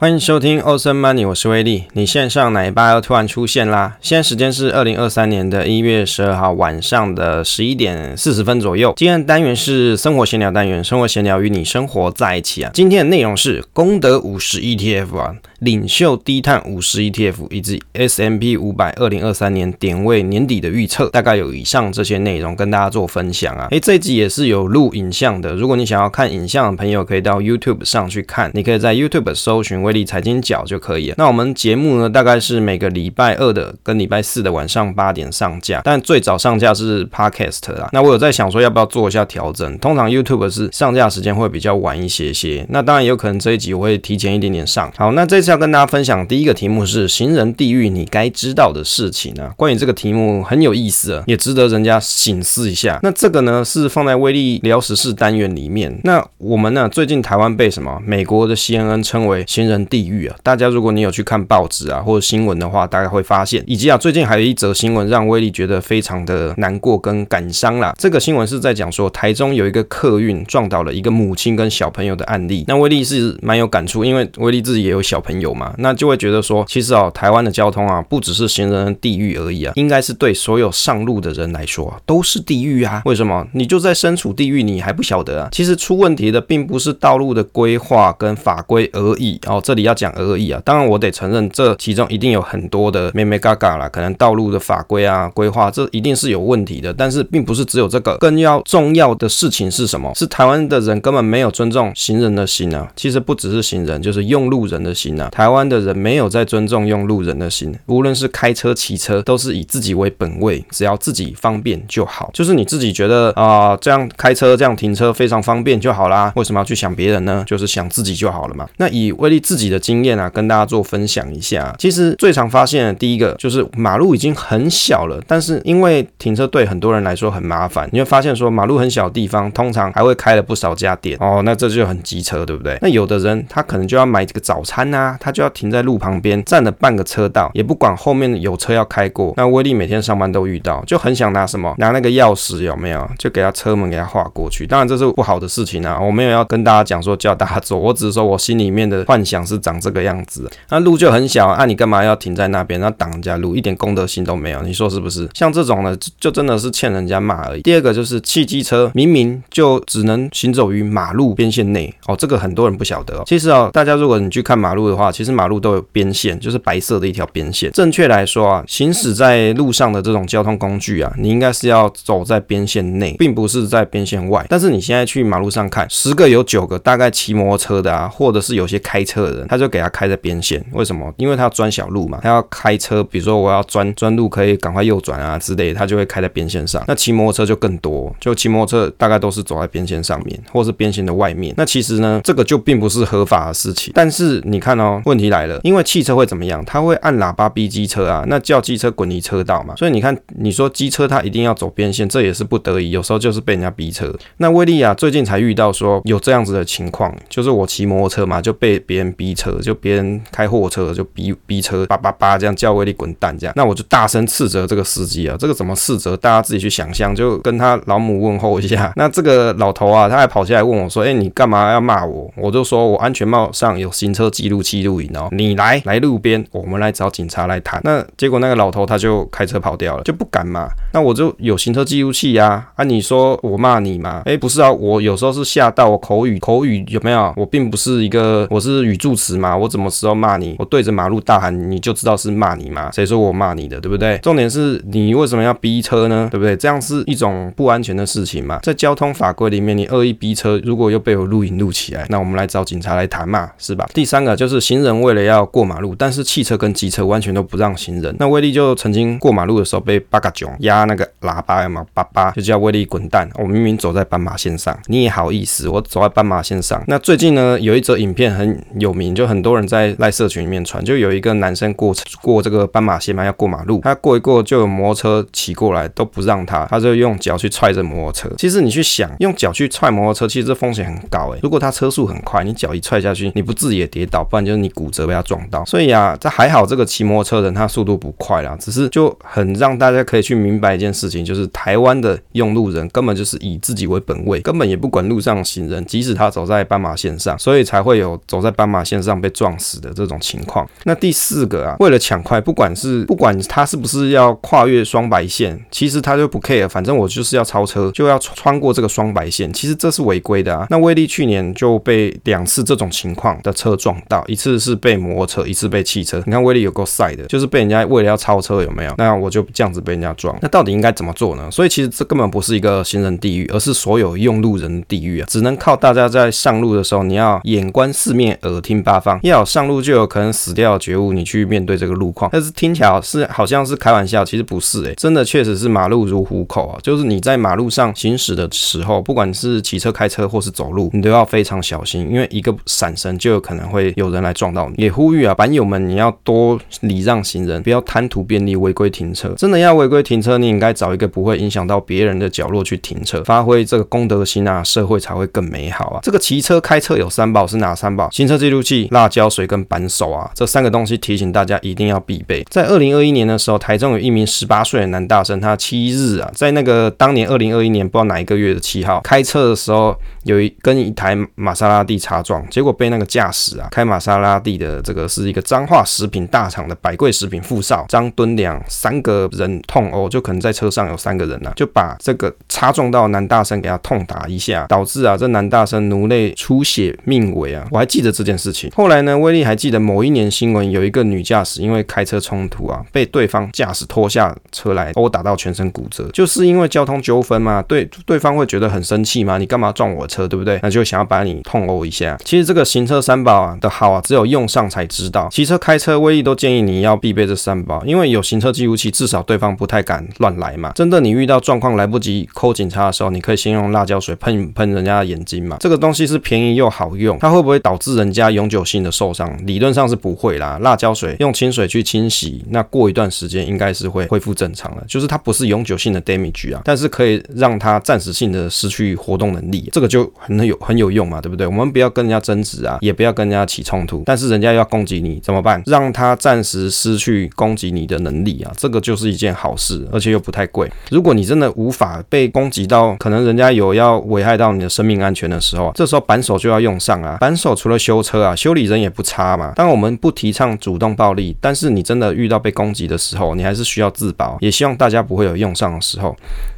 歡迎收聽 Awesome Money，我是威利。你線上奶爸又突然出現啦！現在時間是二零二三年的一月十二號晚上的十一點四十分左右。今天的單元是生活閒聊單元，生活閒聊與你生活在一起啊。今天的內容是功德五十 ETF 啊，領袖低碳五十 ETF 以及 S&P 五百二零二三年點位年底的預測，大概有以上這些內容跟大家做分享啊。誒，這一集也是有錄影像的，如果你想要看影像的朋友，可以到 YouTube 上去看。你可以在 YouTube 搜尋威。威利財經角就可以了。那我們節目呢，大概是每個禮拜二的跟禮拜四的晚上八點上架，但最早上架是 Podcast 啦。那我有在想說，要不要做一下調整？通常 YouTube 是上架時間會比較晚一些些。那當然也有可能這一集我會提前一點點上。好，那這次要跟大家分享第一個題目是“行人地獄”，你該知道的事情呢、啊？關於這個題目很有意思、啊，也值得人家省思一下。那這個呢是放在威利聊時事單元裡面。那我們呢最近台灣被什麼？美國的 CNN 稱為“行人”。地獄啊！大家如果你有去看報紙啊或者新聞的話，大概會發現，以及啊最近還有一則新聞讓威力覺得非常的難過跟感傷啦。這個新聞是在講說，台中有一個客運撞倒了一個母親跟小朋友的案例。那威力是蠻有感觸，因為威力自己也有小朋友嘛，那就會覺得說，其實啊、哦、台灣的交通啊不只是行人地獄而已啊，應該是對所有上路的人來說、啊、都是地獄啊。為什麼？你就在身處地獄，你還不曉得啊。其實出問題的並不是道路的規劃跟法規而已哦。這裡要講而已啊，當然我得承認，這其中一定有很多的妹妹嘎嘎啦。可能道路的法規啊、規劃，這一定是有問題的。但是並不是只有這個，更要重要的事情是什麼？是台灣的人根本沒有尊重行人的心啊！其實不只是行人，就是用路人的心啊。台灣的人沒有在尊重用路人的心，無論是開車、騎車，都是以自己為本位，只要自己方便就好。就是你自己覺得啊、呃，這樣開車、這樣停車非常方便就好啦。為什麼要去想別人呢？就是想自己就好了嘛。那以威利自。自己的經驗啊，跟大家做分享一下。其實最常發現的第一個就是馬路已經很小了，但是因為停車對很多人來說很麻煩，你會發現說馬路很小的地方，通常還會開了不少家店哦，那這就很機車，對不對？那有的人他可能就要買幾個早餐啊，他就要停在路旁邊，佔了半個車道，也不管後面有車要開過。那威利每天上班都遇到，就很想拿什麼拿那個鑰匙有沒有，就給他車門給他劃過去。當然這是不好的事情啊，我沒有要跟大家講說叫大家走，我只是說我心裡面的幻想。是長這個樣子啊，那路就很小啊，啊你幹嘛要停在那邊？那擋人家路，一點公德心都沒有，你說是不是？像這種呢，就真的是欠人家罵而已。第二個就是汽機車，明明就只能行走於馬路邊線內哦，這個很多人不曉得哦。其實哦，大家如果你去看馬路的話，其實馬路都有邊線，就是白色的一條邊線。正確來說啊，行駛在路上的這種交通工具啊，你應該是要走在邊線內，並不是在邊線外。但是你現在去馬路上看，十個有九個大概騎摩托車的啊，或者是有些開車的。他就給他開在邊線，為什麼？因為他要鑽小路嘛，他要開車，比如說我要鑽鑽路，可以趕快右轉啊之類，他就會開在邊線上。那騎摩托車就更多，就騎摩托車大概都是走在邊線上面，或是邊線的外面。那其實呢，這個就並不是合法的事情。但是你看哦，問題來了，因為汽車會怎麼樣？他會按喇叭逼機車啊，那叫機車滾離車道嘛。所以你看，你說機車它一定要走邊線，這也是不得已，有時候就是被人家逼車。那威利啊，最近才遇到說有這樣子的情況，就是我騎摩托車嘛，就被別人。逼車，就別人開貨車就逼逼車叭叭叭，這樣叫威利滾蛋這樣，那我就大聲斥責這個司機啊，這個怎麼斥責，大家自己去想象，就跟他老母問候一下。那這個老頭啊，他還跑下來問我說：“哎、欸，你幹嘛要罵我？”我就說：“我安全帽上有行車記錄器錄影哦、喔。”你來來路邊，我們來找警察來談。那結果那個老頭他就開車跑掉了，就不敢嘛。那我就有行車記錄器啊，啊你說我罵你嘛？哎、欸、不是啊，我有時候是嚇到我口語口語有沒有？我並不是一個我是語助。不實嘛？我什麼時候罵你？我對着馬路大喊，你就知道是罵你嘛？誰說我罵你的，對不對？重點是你為什麼要逼車呢？對不對？這樣是一種不安全的事情嘛。在交通法規裡面，你惡意逼車，如果又被我錄影錄起來，那我們來找警察來談嘛，是吧？第三個就是行人為了要過馬路，但是汽車跟機車完全都不讓行人。那威利就曾經過馬路的時候被八嘎囧壓那個喇叭呀嘛，叭叭，就叫威利滾蛋。我明明走在斑馬線上，你也好意思？我走在斑馬線上。那最近呢，有一則影片很有。就很多人在賴社群裡面傳，就有一個男生過過這個斑馬線嘛，要過馬路，他過一過就有摩托車騎過來，都不讓他，他就用腳去踹這摩托車。其實你去想，用腳去踹摩托車，其實這風險很高欸。如果他車速很快，你腳一踹下去，你不自己也跌倒，不然就是你骨折被他撞到。所以啊，這還好，這個騎摩托車人他速度不快啦，只是就很讓大家可以去明白一件事情，就是台灣的用路人根本就是以自己為本位，根本也不管路上行人，即使他走在斑馬線上，所以才會有走在斑馬。線上被撞死的這種情況。那第四個啊，為了搶快，不管是不管他是不是要跨越雙白線，其實他就不 care，反正我就是要超車，就要穿過這個雙白線。其實這是違規的啊。那威利去年就被兩次這種情況的車撞到，一次是被摩托車，一次被汽車。你看威利有夠衰的，就是被人家為了要超車，有沒有？那我就這樣子被人家撞。那到底應該怎麼做呢？所以其實這根本不是一個行人地獄，而是所有用路人的地獄啊。只能靠大家在上路的時候，你要眼觀四面，耳聽。八方一上路就有可能死掉的覺悟，你去面對這個路況。但是聽起來是好像是開玩笑，其實不是誒、欸，真的確實是馬路如虎口啊！就是你在馬路上行駛的時候，不管是騎車、開車或是走路，你都要非常小心，因為一個閃神就有可能會有人來撞到你。也呼籲啊，板友們你要多禮讓行人，不要貪圖便利違規停車。真的要違規停車，你應該找一個不會影響到別人的角落去停車，發揮這個公德心啊，社會才會更美好啊！這個騎車開車有三寶是哪三寶？行車記錄。辣椒水跟扳手啊，這三個東西提醒大家一定要必備。在二零二一年的時候，台中有一名十八歲的男大生，他七日啊，在那個當年二零二一年不知道哪一個月的七號開車的時候，有一跟一台瑪莎拉蒂擦撞，結果被那個駕駛啊，開瑪莎拉蒂的這個是一個彰化食品大廠的百貴食品副少張敦良，三個人痛毆、哦，就可能在車上有三個人啊，就把這個擦撞到男大生給他痛打一下，導致啊這男大生顱內出血命危啊，我還記得這件事情。後來呢？威力還記得某一年新聞，有一個女駕駛因為開車衝突啊，被對方駕駛拖下車來毆打到全身骨折，就是因為交通糾紛嘛。對，對方會覺得很生氣嘛，你幹嘛撞我車，對不對？那就想要把你痛毆一下。其實這個行車三寶啊的好啊，只有用上才知道。騎車、開車，威力都建議你要必備這三寶，因為有行車記錄器，至少對方不太敢亂來嘛。真的，你遇到狀況來不及 call 警察的時候，你可以先用辣椒水噴噴人家的眼睛嘛。這個東西是便宜又好用，它會不會導致人家有？永久性的受傷，理論上是不會啦，辣椒水用清水去清洗，那過一段時間應該是會恢復正常了。就是它不是永久性的 damage 啊，但是可以讓它暫時性的失去活動能力，這個就很有很有用嘛，對不對？我們不要跟人家爭執啊，也不要跟人家起衝突，但是人家要攻擊你怎麼辦？讓他暫時失去攻擊你的能力啊，這個就是一件好事，而且又不太貴。如果你真的無法被攻擊到，可能人家有要危害到你的生命安全的時候，這時候扳手就要用上啊。扳手除了修車啊。修理人也不差嘛。當我們不提倡主動暴力，但是你真的遇到被攻擊的時候，你還是需要自保。也希望大家不會有用上的時候。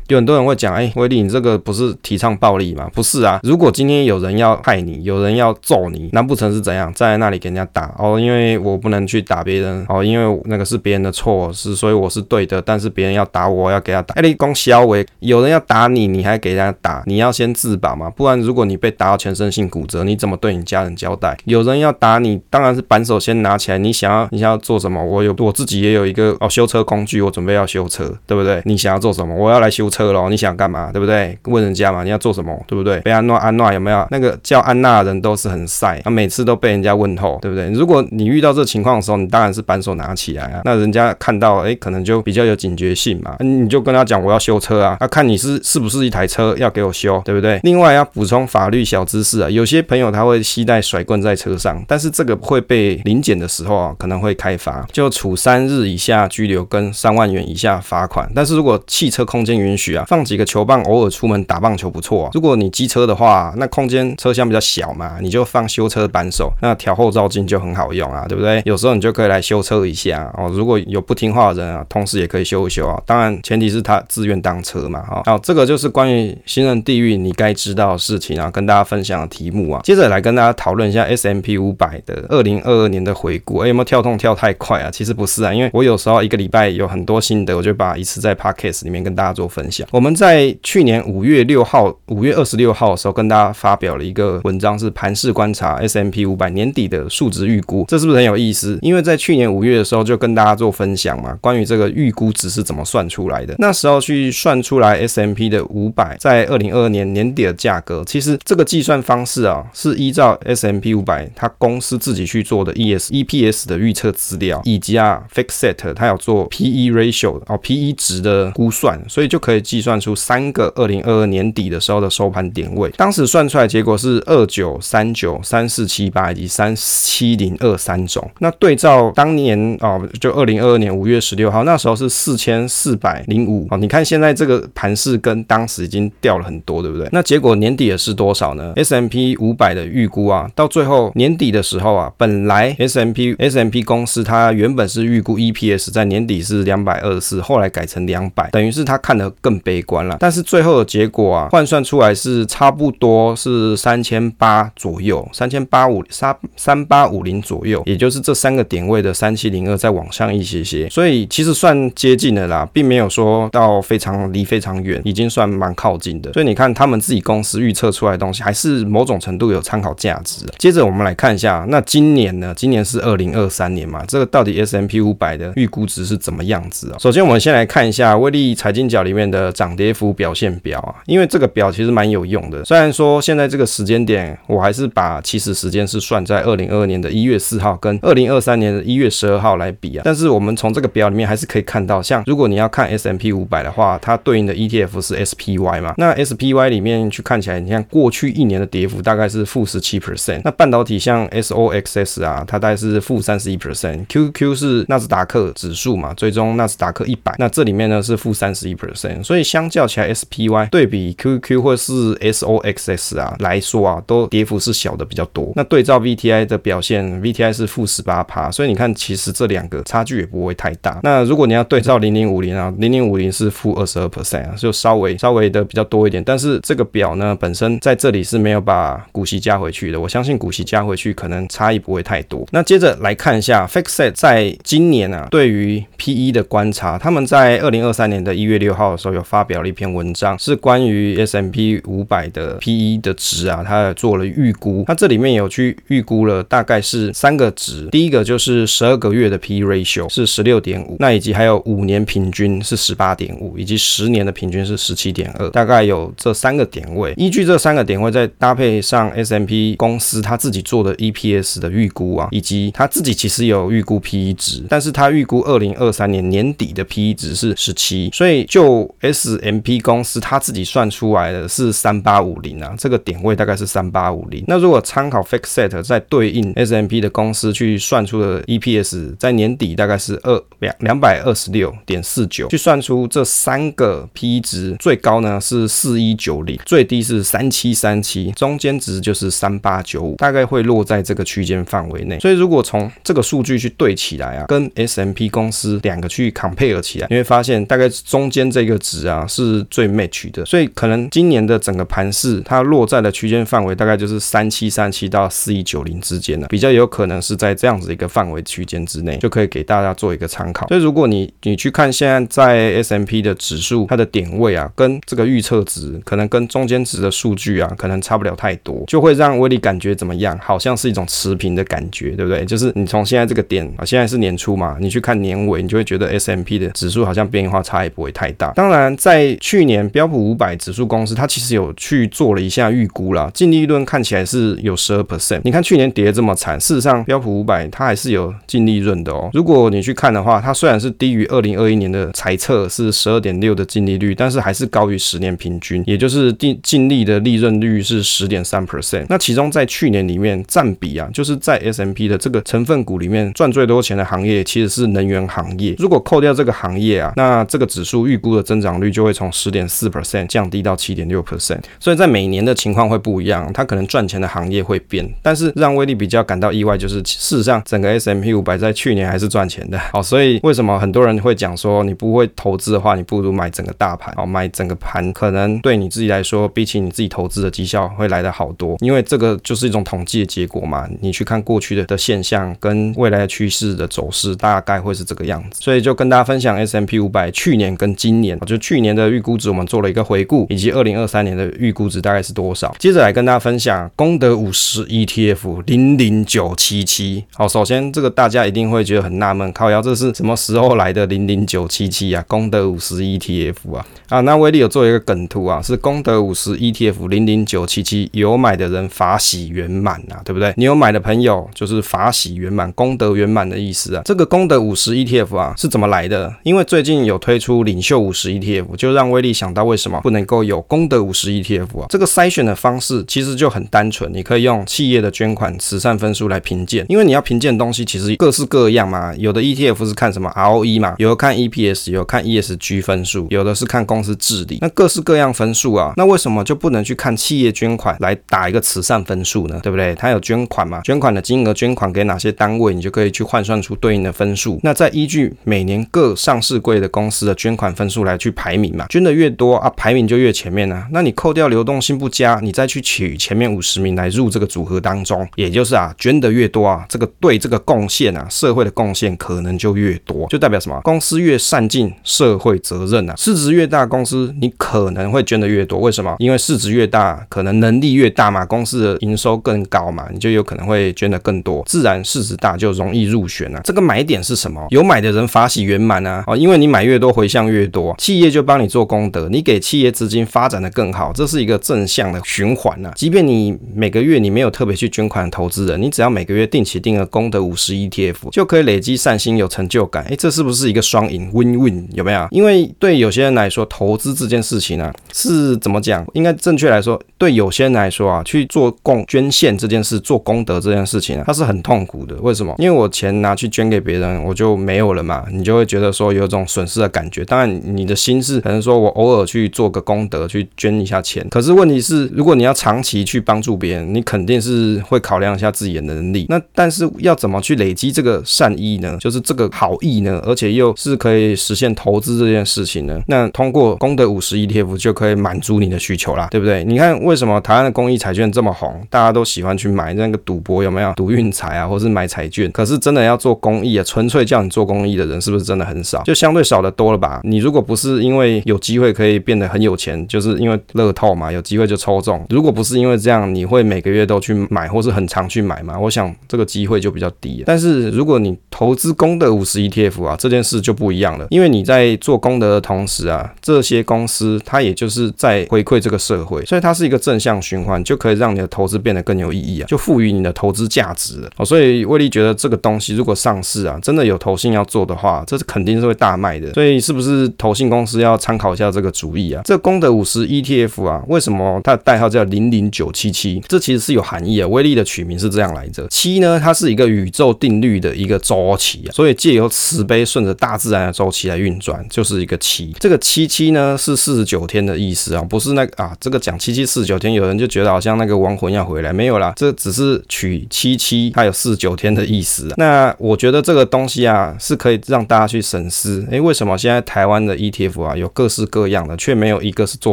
有很多人會講，哎、欸，威利，你這個不是提倡暴力嗎？不是啊。如果今天有人要害你，有人要揍你，難不成是怎樣站在那裡給人家打哦？因為我不能去打別人哦，因為那個是別人的錯，是所以我是對的。但是別人要打我，我要給他打。哎、欸，你光肖偉，有人要打你，你還給他打？你要先自保嘛，不然如果你被打到全身性骨折，你怎麼對你家人交代？有人要打你，當然是扳手先拿起來。你想要，你想要做什麼？我有我自己也有一個哦，修車工具，我準備要修車，對不對？你想要做什麼？我要來修車。車咯，你想幹嘛，對不對？問人家嘛，你要做什麼，對不對？被安娜，安娜有沒有那個叫安娜的人都是很曬，他、啊、每次都被人家問候，對不對？如果你遇到這情況的時候，你當然是扳手拿起來啊，那人家看到哎，可能就比較有警覺性嘛，啊、你就跟他講，我要修車啊，他、啊、看你是是不是一台車要給我修，對不對？另外要補充法律小知識啊，有些朋友他會攜帶甩棍在車上，但是這個會被臨檢的時候啊，可能會開罰，就處三日以下拘留跟三萬元以下罰款。但是如果汽車空間允許，去啊，放幾個球棒，偶爾出門打棒球不錯啊、哦。如果你機車的話，那空間車廂比較小嘛，你就放修車扳手，那調後照鏡就很好用啊，對不對？有時候你就可以來修車一下哦。如果有不聽話的人啊，同時也可以修一修啊。當然前提是他自願當車嘛，哈、哦。好，這個就是關於行人地獄你該知道的事情啊，跟大家分享的題目啊。接着來跟大家討論一下 S&P 五百的二零二二年的回顧，哎、欸，有沒有跳痛跳太快啊？其實不是啊，因為我有時候一個禮拜有很多心得，我就把一次在 Podcast 裡面跟大家做分享。我們在去年五月六號、五月二十六號的時候，跟大家發表了一個文章，是盤勢觀察 S&P 五百年底的數值預估，這是不是很有意思？因為在去年五月的時候，就跟大家做分享嘛，關於這個預估值是怎麼算出來的。那時候去算出來 S&P 的五百在二零二二年年底的價格，其實這個計算方式啊、喔，是依照 S&P 五百它公司自己去做的 E S E P S 的預測資料，以及啊 Fix Set 它有做 P E ratio 哦 P E 值的估算，所以就可以。計算出三個二零二二年底的時候的收盤點位，當時算出來的結果是二九三九、三四七八以及三七零二三種。那對照當年哦，就二零二二年五月十六號那時候是四千四百零五哦。你看現在這個盤勢跟當時已經掉了很多，對不對？那結果年底的是多少呢？S&P 500的預估啊，到最後年底的時候啊，本來 S&P S&P 公司它原本是預估 E P S 在年底是兩百二十四，後來改成兩百，等於是它看的更。悲觀啦，但是最後的結果啊，換算出來是差不多是三千八左右，三千八五三三八五零左右，也就是這三個點位的三七零二再往上一些些，所以其實算接近的啦，並沒有說到非常離非常遠，已經算蠻靠近的。所以你看他們自己公司預測出來的東西，還是某種程度有參考價值。接着我們來看一下，那今年呢？今年是二零二三年嘛，這個到底 S&P 五百的預估值是怎麼樣子喔？啊？首先我們先來看一下威利財經角裡面的，的漲跌幅表現表啊，因為這個表其實蠻有用的。雖然說現在這個時間點，我還是把起始時間是算在二零二二年的一月四號跟二零二三年的一月十二號來比啊。但是我們從這個表裡面還是可以看到，像如果你要看 S&P 五百的話，它對應的 E T F 是 S P Y 嘛。那 S P Y 裡面去看起來，你像過去一年的跌幅大概是負十七 percent。那半導體像 S O X S 啊，它大概是負三十一 percent。Q Q 是納斯達克指數嘛，最終納斯達克一百，那這裡面呢是負三十一 percent。所以相較起來，SPY 對比 QQ 或是 SOXS 啊來說啊，都跌幅是小的比較多。那對照 VTI 的表現，VTI 是負十八趴，所以你看其實這兩個差距也不會太大。那如果你要對照零零五零啊，零零五零是負二十二 percent 啊，就稍微稍微的比較多一點。但是這個表呢本身在這裡是沒有把股息加回去的，我相信股息加回去可能差異不會太多。那接着來看一下 FactSet 在今年啊對於 PE 的觀察，他們在二零二三年的一月六號的時候有。發表了一篇文章，是關於 S&P 五百的 P E 的值啊，他做了預估。那這裡面有去預估了，大概是三個值。第一個就是十二個月的 P E ratio 是十六點五，那以及還有五年平均是十八點五，以及十年的平均是十七點二，大概有這三個點位。依據這三個點位，再搭配上 S&P 公司他自己做的 E P S 的預估啊，以及他自己其實有預估 P E 值，但是他預估二零二三年年底的 P E 值是十七，所以就。S&P 公司他自己算出來的是三八五零啊，這個點位大概是三八五零。那如果參考 FactSet 再對應 S&P 的公司去算出的 E P S，在年底大概是二兩兩百二十六點四九，去算出這三個 P 值，最高呢是四一九零，最低是三七三七，中間值就是三八九五，大概會落在這個區間範圍內。所以如果從這個數據去對起來啊，跟 S&P 公司兩個去 compare 起來，你會發現大概中間這個值。值啊是最 match 的，所以可能今年的整個盤勢它落在的區間範圍大概就是三七三七到四一九零之間了、啊，比較有可能是在這樣子一個範圍區間之內，就可以給大家做一個參考。所以如果你你去看現在在 S&P 的指數它的點位啊，跟這個預測值可能跟中間值的數據啊，可能差不了太多，就會讓威利感覺怎麼樣？好像是一種持平的感覺，對不對？就是你從現在這個點啊，現在是年初嘛，你去看年尾，你就會覺得 S&P 的指數好像變化差也不會太大。當然。在去年標普五百指數公司，它其實有去做了一下預估啦，淨利潤看起來是有十二 percent。你看去年跌這麼慘，事實上標普五百它還是有淨利潤的哦、喔。如果你去看的話，它雖然是低於二零二一年的財測是十二點六的淨利率，但是還是高於十年平均，也就是淨淨利的利潤率是十點三 percent。那其中在去年裡面占比啊，就是在 S M P 的這個成分股裡面賺最多錢的行業其實是能源行業。如果扣掉這個行業啊，那這個指數預估的增長。率就會從十點四 percent 降低到七點六 percent，所以在每年的情況會不一樣，它可能賺錢的行業會變，但是讓威力比較感到意外就是，事實上整個 S M P 五百在去年還是賺錢的。好，所以為什麼很多人會講說，你不會投資的話，你不如買整個大盤，好買整個盤，可能對你自己來說，比起你自己投資的績效會來得好多，因為這個就是一種統計的結果嘛。你去看過去的的現象跟未來的趨勢的走勢，大概會是這個樣子。所以就跟大家分享 S M P 五百去年跟今年，就。去年的預估值我們做了一個回顧，以及二零二三年的預估值大概是多少？接着來跟大家分享功德五十 ETF 零零九七七。好，首先這個大家一定會覺得很納悶，靠腰，這是什麼時候來的零零九七七啊？功德五十 ETF 啊？啊，那威利有做一個梗圖啊，是功德五十 ETF 零零九七七有買的人法喜圓滿啊，對不對？你有買的朋友就是法喜圓滿、功德圓滿的意思啊。這個功德五十 ETF 啊是怎麼來的？因為最近有推出領袖五十 ETF。就讓威利想到為什麼不能夠有功德五十 ETF 啊？這個篩選的方式其實就很單純，你可以用企業的捐款慈善分數來評鑑，因為你要評鑑的東西其實各式各樣嘛。有的 ETF 是看什麼 ROE 嘛，有的看 EPS，有的看 ESG 分數，有的是看公司治理。那各式各樣分數啊，那為什麼就不能去看企業捐款來打一個慈善分數呢？對不對？它有捐款嘛？捐款的金額，捐款給哪些單位，你就可以去換算出對應的分數。那再依據每年各上市櫃的公司的捐款分數來去排。排名嘛，捐的越多啊，排名就越前面呢，啊。那你扣掉流動性不佳，你再去取前面五十名來入這個組合當中，也就是啊，捐的越多啊，這個對這個貢獻啊，社會的貢獻可能就越多，就代表什麼？公司越善盡社會責任啊，市值越大，公司你可能會捐的越多。為什麼？因為市值越大，可能能力越大嘛，公司的營收更高嘛，你就有可能會捐的更多，自然市值大就容易入選啊。這個買點是什麼？有買的人法喜圓滿啊，哦，因為你買越多回向越多，企業。就幫你做功德，你給企業資金發展得更好，這是一個正向的循環吶、啊。即便你每個月你沒有特別去捐款的投資人，你只要每個月定期定額功德五十 ETF，就可以累積善心，有成就感。哎、欸，這是不是一個雙贏 （win win）？有沒有？因為對有些人來說，投資這件事情呢、啊，是怎麼講？應該正確來說，對有些人來說啊，去做貢捐獻這件事，做功德這件事情啊，它是很痛苦的。為什麼？因為我錢拿去捐給別人，我就沒有了嘛，你就會覺得說有種損失的感覺。當然，你的心。形式可能說我偶爾去做個功德，去捐一下錢。可是問題是，如果你要長期去幫助別人，你肯定是會考量一下自己的能力。那但是要怎麼去累積這個善意呢？就是這個好意呢？而且又是可以實現投資這件事情呢？那通過功德五十億 TF 就可以滿足你的需求啦，對不對？你看為什麼台灣的公益彩券這麼紅？大家都喜歡去買那個賭博，有沒有賭運財啊，或是買彩券？可是真的要做公益啊，純粹叫你做公益的人是不是真的很少？就相對少的多了吧？你如果不是。因為有機會可以變得很有錢，就是因為樂透嘛，有機會就抽中。如果不是因為這樣，你會每個月都去買，或是很常去買嘛，我想這個機會就比較低。但是如果你投資功德五十 ETF 啊，這件事就不一樣了，因為你在做功德的同時啊，這些公司它也就是在回饋這個社會，所以它是一個正向循環，就可以讓你的投資變得更有意義啊，就賦予你的投資價值哦。所以威利覺得這個東西如果上市啊，真的有投信要做的話，這是肯定是會大賣的。所以是不是投信公司是要參考一下這個主意啊，這功德五十 ETF 啊，為什麼它的代號叫零零九七七？這其實是有含義啊。威利的取名是這樣來着，七呢，它是一個宇宙定律的一個周期啊，所以借由慈悲順着大自然的周期來運轉，就是一個七。這個七七呢是四十九天的意思啊，不是那個啊，這個講七七四十九天，有人就覺得好像那個亡魂要回來，沒有啦，這只是取七七還有四十九天的意思啊。那我覺得這個東西啊是可以讓大家去審視，誒，為什麼現在台灣的 ETF？啊，有各式各樣的，卻沒有一個是做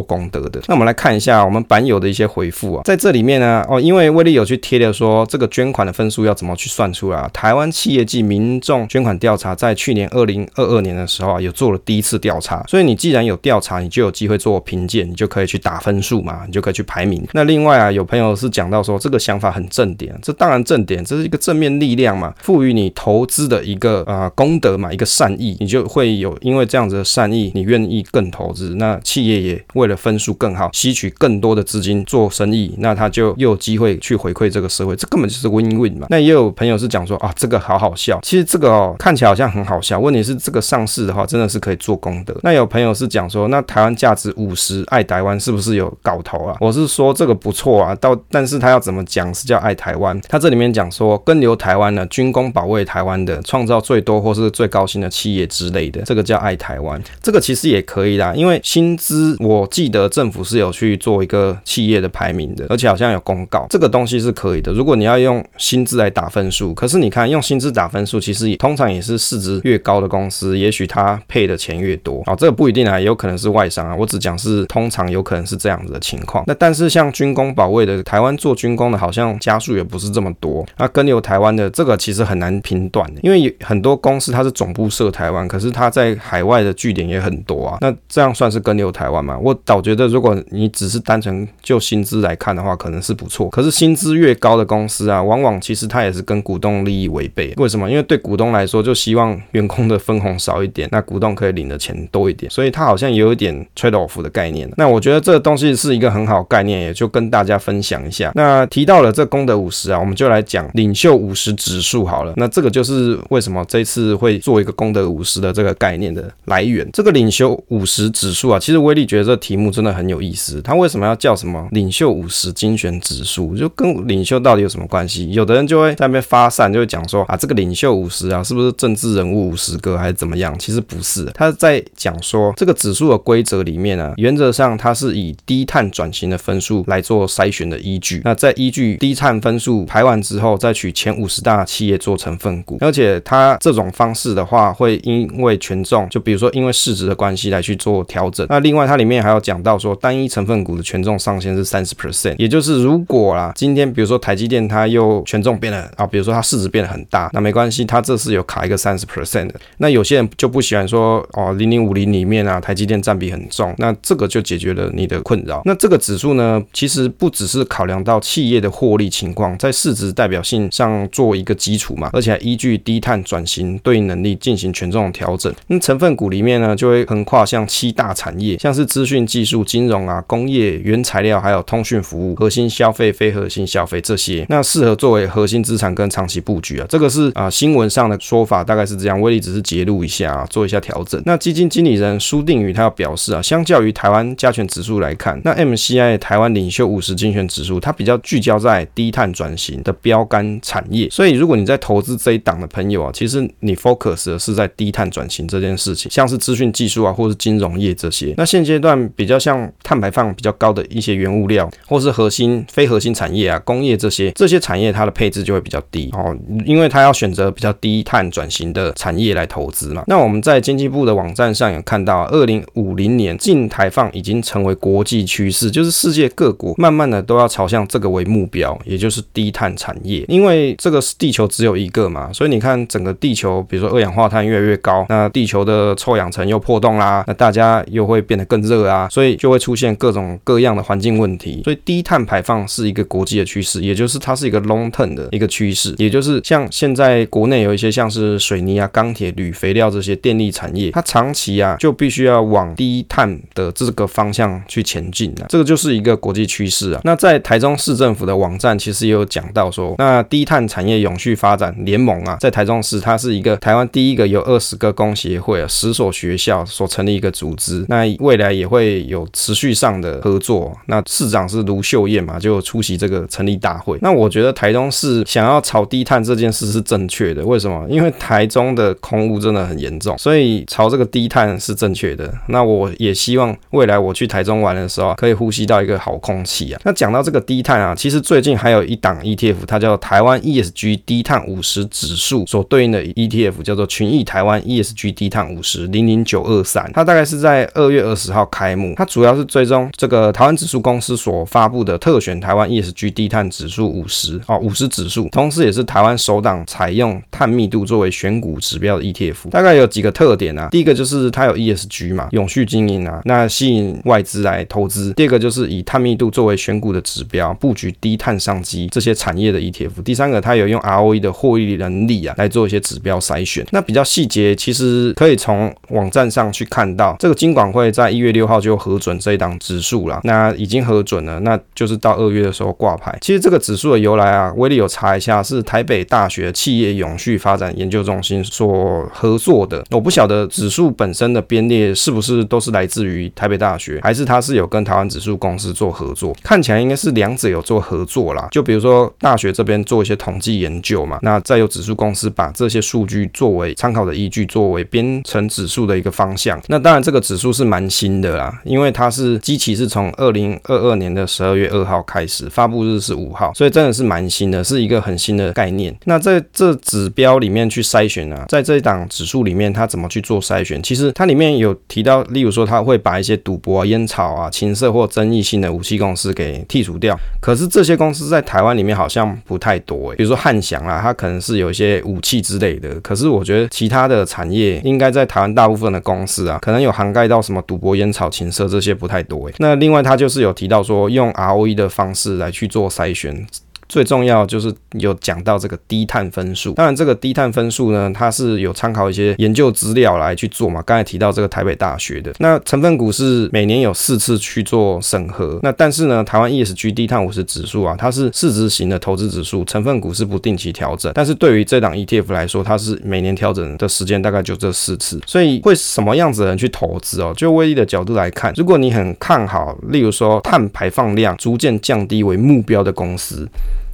功德的。那我們來看一下我們版友的一些回復啊，在這裡面呢、啊，哦，因為威利有去貼了說這個捐款的分數要怎麼去算出來、啊，台灣企業及民眾捐款調查在去年二零二二年的時候啊，有做了第一次調查，所以你既然有調查，你就有機會做評鑑，你就可以去打分數嘛，你就可以去排名。那另外啊，有朋友是講到說這個想法很正點，這當然正點，這是一個正面力量嘛，賦予你投資的一個啊、呃、功德嘛，一個善意，你就會有，因為這樣子的善意，你願。生意更投資，那企業也為了分數更好，吸取更多的資金做生意，那他就又有機會去回饋這個社會，這根本就是 win win 嘛。那也有朋友是講說啊，這個好好笑，其實這個、哦、看起來好像很好笑，問題是這個上市的話真的是可以做功德。那有朋友是講說，那台灣價值五十愛台灣是不是有搞頭啊？我是說這個不錯啊，到但是他要怎麼講是叫愛台灣？他這裡面講說，根留台灣的軍工保衛台灣的，創造最多或是最高薪的企業之類的，這個叫愛台灣，這個其實。也可以啦，因為薪資，我記得政府是有去做一個企業的排名的，而且好像有公告，這個東西是可以的，如果你要用薪資來打分數，可是你看用薪資打分數，其實通常也是市值越高的公司，也許他配的錢越多啊。哦，這個不一定啊，也有可能是外商啊。我只講是通常有可能是這樣子的情況。那但是像軍工保衛的台灣做軍工的，好像家數也不是這麼多。那跟留台灣的這個其實很難評斷，欸，因為有很多公司它是總部設台灣，可是它在海外的據點也很多，哇，那這樣算是根留台灣嗎？我倒覺得，如果你只是單純就薪資來看的話，可能是不錯。可是薪資越高的公司啊，往往其實它也是跟股東利益違背。為什麼？因為對股東來說，就希望員工的分紅少一點，那股東可以領的錢多一點，所以他好像也有一點 trade off 的概念。那我覺得這個東西是一個很好概念，也就跟大家分享一下。那提到了這功德五十啊，我們就來講領袖五十指數好了。那這個就是為什麼這次會做一個功德五十的這個概念的來源，這個領袖。五十指數啊，其實威利覺得這題目真的很有意思。他為什麼要叫什麼“領袖五十精選指數”？就跟領袖到底有什麼關係？有的人就會在那邊發散，就會講說啊，這個“領袖五十”啊，是不是政治人物五十個還是怎麼樣？其實不是，他在講說這個指數的規則裡面啊，原則上它是以低碳轉型的分數來做篩選的依據。那在依據低碳分數排完之後，再取前五十大企業做成分股。而且他這種方式的話，會因為權重，就比如說因為市值的關係。來去做調整。那另外它裡面還有講到說，單一成分股的權重上限是三十 percent，也就是如果啦，今天比如說台積電它又權重變得啊，比如說它市值變得很大，那沒關係，它這是有卡一個三十 percent 的。那有些人就不喜歡說哦，零零五零裡面啊，台積電占比很重，那這個就解決了你的困擾。那這個指數呢，其實不只是考量到企業的獲利情況，在市值代表性上做一個基礎嘛，而且還依據低碳轉型對應能力進行權重調整。那成分股裡面呢，就會很。跨向七大產業，像是資訊技術、金融啊、工業、原材料，還有通訊服務、核心消費、非核心消費這些，那適合作為核心資產跟長期布局啊，這個是啊、呃、新聞上的說法，大概是這樣。威利只是揭露一下，啊，做一下調整。那基金經理人蘇定宇他要表示啊，相較於台灣加權指數來看，那 MCI 台灣領袖五十精選指數，它比較聚焦在低碳轉型的標桿產業。所以如果你在投資這一檔的朋友啊，其實你 focus 的是在低碳轉型這件事情，像是資訊技術啊。或是金融業這些，那現階段比較像碳排放比較高的一些原物料，或是核心、非核心產業啊，工業這些，這些產業它的配置就會比較低哦，因為它要選擇比較低碳轉型的產業來投資嘛。那我們在經濟部的網站上有看到啊，二零五零年淨零排放已經成為國際趨勢，就是世界各國慢慢的都要朝向這個為目標，也就是低碳產業，因為這個是地球只有一個嘛，所以你看整個地球，比如說二氧化碳越來越高，那地球的臭氧層又破洞。啊，那大家又會變得更熱啊，所以就會出現各種各樣的環境問題。所以低碳排放是一個國際的趨勢，也就是它是一個 long term 的一個趨勢，也就是像現在國內有一些像是水泥啊、鋼鐵、鋁、肥料這些電力產業，它長期啊就必須要往低碳的這個方向去前進啊，這個就是一個國際趨勢啊。那在台中市政府的網站其實也有講到說，那低碳產業永續發展聯盟啊，在台中市它是一個台灣第一個有二十個工協會啊，十所學校所。成立一個組織，那未來也會有持續上的合作。那市長是盧秀燕嘛，就出席這個成立大會。那我覺得台中市想要朝低碳這件事是正確的，為什麼？因為台中的空污真的很嚴重，所以朝這個低碳是正確的。那我也希望未來我去台中玩的時候，可以呼吸到一個好空氣啊。那講到這個低碳啊，其實最近還有一檔 ETF，它叫做台灣 ESG 低碳50指數所對應的 ETF，叫做群益台灣 ESG 低碳50，00923。它大概是在二月二十號開幕，它主要是追蹤這個台灣指數公司所發布的特選台灣 ESG 低碳指數五十哦，五十指數，同時也是台灣首檔採用碳密度作為選股指標的 ETF。大概有幾個特點啊，第一個就是它有 ESG 嘛，永續經營啊，那吸引外資來投資；第二個就是以碳密度作為選股的指標，布局低碳商機這些產業的 ETF；第三個它有用 ROE 的獲利能力啊來做一些指標篩選。那比較細節，其實可以從網站上去。看到這個金管會在一月六號就核准這一檔指數了，那已經核准了，那就是到二月的時候掛牌。其實這個指數的由來啊，威利有查一下，是台北大學企業永續發展研究中心所合作的。我不曉得指數本身的編列是不是都是來自於台北大學，還是它是有跟台灣指數公司做合作。看起來應該是兩者有做合作啦，就比如說大學這邊做一些統計研究嘛，那再由指數公司把這些數據作為參考的依據，作為編成指數的一個方向。那當然，這個指數是蠻新的啦，因為它是基期是從二零二二年的十二月二號開始，發布日是五號，所以真的是蠻新的，是一個很新的概念。那在這指標裡面去篩選啊，在這一檔指數裡面，它怎麼去做篩選？其實它裡面有提到，例如說，它會把一些賭博、啊、菸草啊、情色或爭議性的武器公司給剔除掉。可是這些公司在台灣裡面好像不太多、欸，比如說漢翔啊，它可能是有一些武器之類的。可是我覺得其他的產業應該在台灣大部分的公司、啊。可能有涵蓋到什麼賭博、菸草、情色這些不太多、欸、那另外他就是有提到說，用 ROE 的方式來去做篩選。最重要就是有講到這個低碳分數，當然這個低碳分數呢，它是有參考一些研究資料來去做嘛。剛才提到這個台北大學的那成分股是每年有四次去做審核，那但是呢，台灣 ESG 低碳五十指數啊，它是市值型的投資指數，成分股是不定期調整，但是對於這檔 ETF 來說，它是每年調整的時間大概就這四次，所以會什麼樣子的人去投資哦？就威利的角度來看，如果你很看好，例如說碳排放量逐漸降低為目標的公司。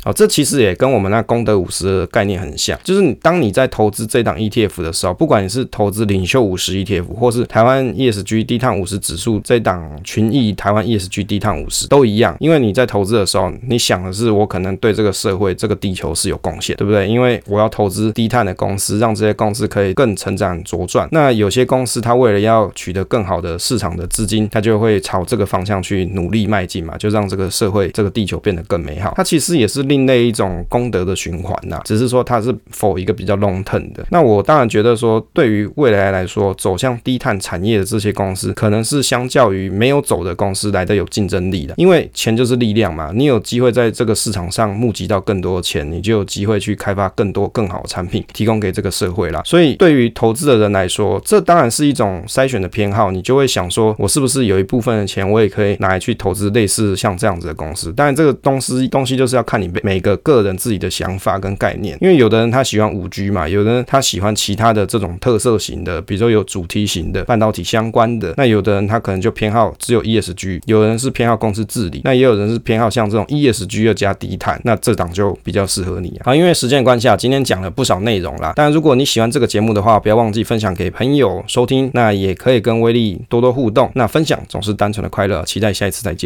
哦，這其實也跟我們那功德五十的概念很像，就是你當你在投資這檔 ETF 的時候，不管你是投資領袖五十 ETF，或是台灣 ESG 低碳五十指數，這檔群益台灣 ESG 低碳五十都一樣，因為你在投資的時候，你想的是我可能對這個社會、這個地球是有貢獻，對不對？因為我要投資低碳的公司，讓這些公司可以更成長茁壯。那有些公司它為了要取得更好的市場的資金，它就會朝這個方向去努力邁進嘛，就讓這個社會、這個地球變得更美好。它其實也是另類一種功德的循環吶，只是說它是否一個比較 long term 的。那我當然覺得說，對於未來來說，走向低碳產業的這些公司，可能是相較於沒有走的公司來的有競爭力的。因為錢就是力量嘛，你有機會在這個市場上募集到更多的錢，你就有機會去開發更多更好的產品，提供給這個社會啦。所以對於投資的人來說，這當然是一種篩選的偏好。你就會想說，我是不是有一部分的錢，我也可以拿來去投資類似像這樣子的公司？當然，這個東西東西就是要看你被。每個個人自己的想法跟概念，因為有的人他喜歡 5G 嘛，有的人他喜歡其他的這種特色型的，比如說有主題型的半導體相關的，那有的人他可能就偏好只有 ESG，有人是偏好公司治理，那也有人是偏好像這種 ESG 要加低碳，那這檔就比較適合你啊。好，因為時間關係啊，今天講了不少內容啦，但如果你喜歡這個節目的話，不要忘記分享給朋友收聽，那也可以跟威力多多互動，那分享總是單純的快樂，期待下一次再見。